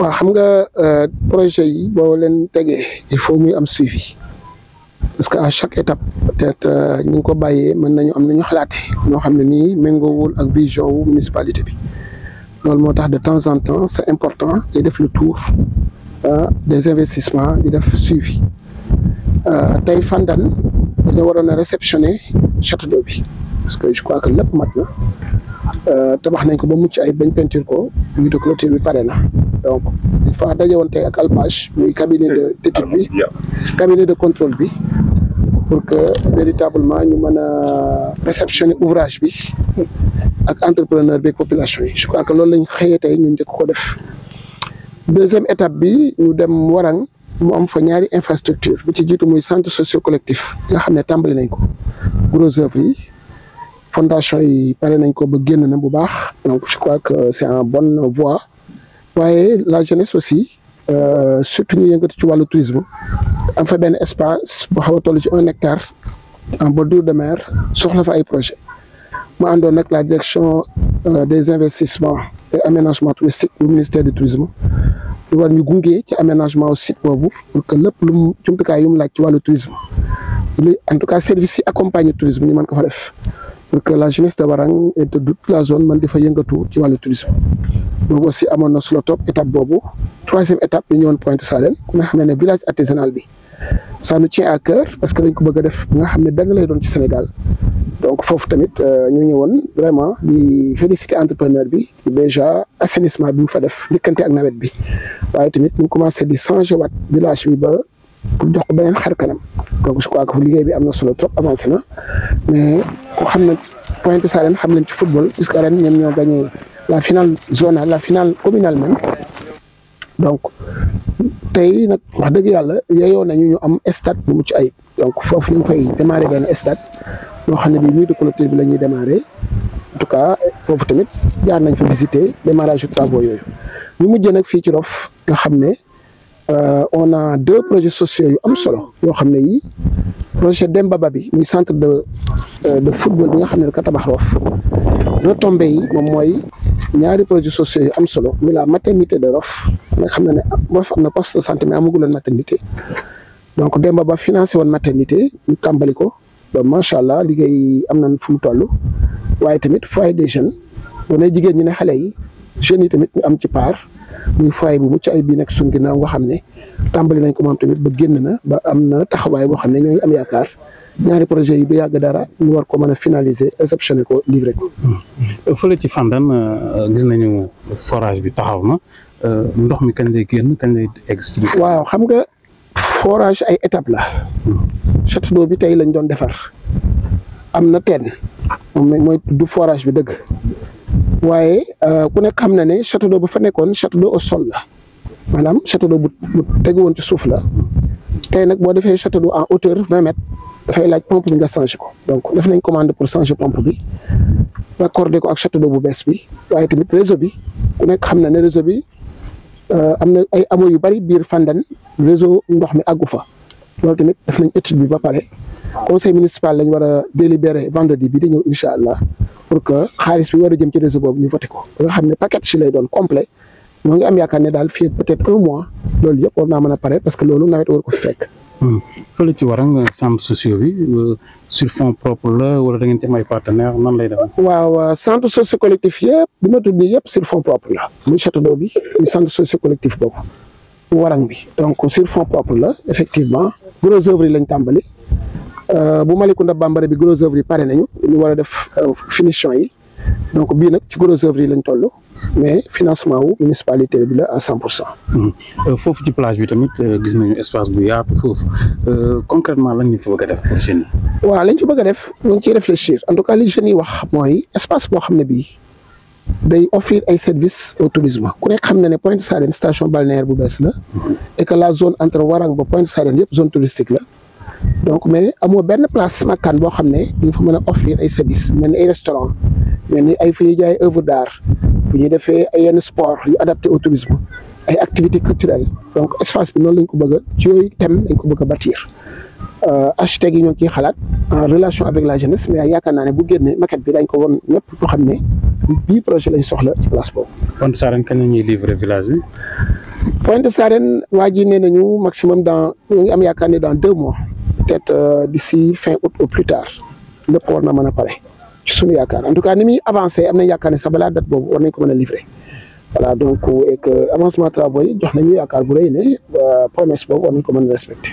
waa xam nga euh, projet yi boo leen tege il faut muy am suivi parce que à chaque étape peut-être euh, ñu ngi ko bàyyee mën nañu am nañu xalaate ñoo xam ne nii méngoowul ak vision wu municipalité bi loolu moo tax de temps en temps c'est important di def le tour euh, des investissements di def suivi tey Fandane dañoo waroon a réceptionner château d'eau bi parce que je crois que lépp mat na tabax nañ ko ba mucc ay bañ peinture ko ñu de clôture bi pare na donc dafa dajewoon tey ak Alpage muy cabinet de d'étude bi cabinet de contrôle bi pour que véritablement ñu mën a réceptionner ouvrage bi ak entrepreneur bi population yi je crois que loolu lañ xëyee tey ñu njëkk ko def deuxième étape bi ñu dem Warang mu am fa ñaari infrastructure mu ci jiitu muy centre socio collectif nga xam ne tàmbali nañ ko gros œuvre yi fondation yi pare nañ ko ba génn na bu baax donc je crois que c'est en bonne voie waaye la jeunesse aussi euh, surtout ñu yëngatu ci wàllu tourisme am fa benn espace bu xaw toll ci un hectare en bordure de mer soxla fa ay projet ma àndoon nag la direction euh, des investissements et aménagement touristique bu ministère du tourisme lu war ñu gunge ci aménagement aussi boobu pour que lépp lu mu jumtukaay yu mu laaj ci wàllu tourisme li en tout cas service yi accompagne tourisme ñu mën ko fa def pour que la jeunesse de Warang et de toute la zone mën di fa yëngatu ci wàllu tourisme boobu aussi amoon na solo topp étape boobu troisième étape ñu ñëwoon Pointe Sarène ku xam ne village artisanal bi ça nous tient à cœur parce que a def ne benn lay doon ci Sénégal euh, entrepreneur bi déjà assainissement bi mu fa def njëkkante ak nawet bi waaye tamit mu commencé di changer waat village bi ba pour jox ko beneen xar kanam donc je crois que liggéey bi am na solo trop avancé na mais ku xam ne Pointe Sarène xam leen ci football puisque ren ñoom ñoo la finale zonale la final communal même donc tey nag wax dëgg yàlla yeyoo nañu ñu am stade bu mucc ay donc foofu ñu fay démarrer benn stade boo xam ne bii nuit de clôture bi lañuy ñuy en tout cas foofu tamit jaar nañ fa visiter démarrage travaux yooyu ñu mujjee nag fii ci Roff nga xam ne euh, on a deux projets sociaux yu am solo yoo xam ne yi projet Demba Ba bi muy centre de euh, de football bi nga xam ne da tabax Roff retombées yi moom mooy ñaari projet sociaux yu am solo muy la maternité de Rof nga xam ne ne Rof am na poste de santé mais amagul woon maternité donc Demba Ba financé woon maternité ñu tàmbali ko ba macha allah liggéey am nañ fu mu toll waaye tamit foyer des jeunes doonay jigéen ñi ne xale yi jeunes yi tamit ñu am ci part muy foyer bu mucc ay bii nekk suñu ginnaaw nga xam ne tambali nañ ko moom tamit ba génn na ba am na taxawaay boo xam ne ñoo am yaakaar. ñaari projet yi du yàgg dara ñu war ko mën a finaliser exceptionné ko livré ko. Euh, fële ci Fandane euh, gis nañu forage bi taxaw na euh, ndox mi kañ lay génn kañ lay egg. waaw xam nga forage ay étape la. château d'eau bi tey lañ doon defar am na teen moom mooy du forage bi dëgg waaye ku nekk xam na ne château d'eau ba fa nekkoon château d'eau au sol la maanaam château bu tegu woon ci suuf la tey nag boo defee château d'eau en hauteur vingt dafay laaj pompe bi nga changé ko donc def nañ commande pour changer pompe bi raccordé ko ak château bu bees bi waaye tamit réseau bi ku nekk xam na ne réseau bi euh, am na ay amo yu bari biir Fandène réseau ndox mi àggu fa loolu tamit def nañ étude bi ba pare conseil municipal lañ war a délibéré vendredi bi di ñëw incha allah pour que xaalis bi war a jëm ci réseau boobu ñu voté ko ba xam ne paquet si lay doon complet ñoo ngi am yaakaar ne daal fii peut un mois loolu yëpp war mën a pare parce que loolu nawet war ko fi fekk Hmm. fële ci warang centre sociaux bi euh, sur fonds propre la wala da ngeen te am ay partenaires nan lay def. waaw centre socio collectif yëpp bi ma tudd yëpp sur fonds propre la muy château d'eau bi muy centre socio collectif boobu warang bi donc sur fonds propre la effectivement gros œuvre yi lañ tàmbali euh, bu Malicounda Bambara bi gros œuvre yi pare nañu ñu war a def euh, finition yi donc bii nag ci gros œuvre yi lañ toll. mais financement wu municipalité bi la à cent pour cent. Hmm. Euh, foofu ci plage bi tamit euh, gis nañu espace bu yaatu foofu euh, concrètement lan ñu fa bëgg a def pour lañ ci bëgg a def ngi ciy réfléchir en tout cas li jeunes wax mooy espace boo xam ne bii day offrir ay services au tourisme ku nekk xam ne ne Pointe Sarène station balnéaire bu bees la et que la zone entre Warang ba Pointe Sarène yëpp zone touristique la. donc mais amoo benn place makkaan boo xam ne di nga fa mën a offrir ay services mel ni ay restaurant mel ay fa ñuy jaay œuvre bu ñuy defee ay yenn sport yu adapté au tourisme ay activité culturelles donc espace bi noonu lañ ko bëgg a ci yooyu thème lañ ko bëgg a bâtir euh, architectes yi ñoo ngi xalaat en relation avec la jeunesse mais yaakaar naa ne bu génnee maquette bi dañ ko won ñëpp ñu xam ne bii projet lañ soxla ci place boobu. Pointe Sarène kañ la ñuy livrer village bi. Pointe Sarène waa ji nee nañu maximum dans ñu ngi am yaakaar ne dans deux mois peut-être euh, fin août au plus tard lépp war na mën a pare. ci suñu yaakaar en tout cas ni muy avancé am nañ yaakaar ne sax balaa date boobu war nañ ko livrer donc et que avancement travaux yi jox nañu yaakaar bu rëy ne euh, promesse boobu war nañ ko mën a respecté.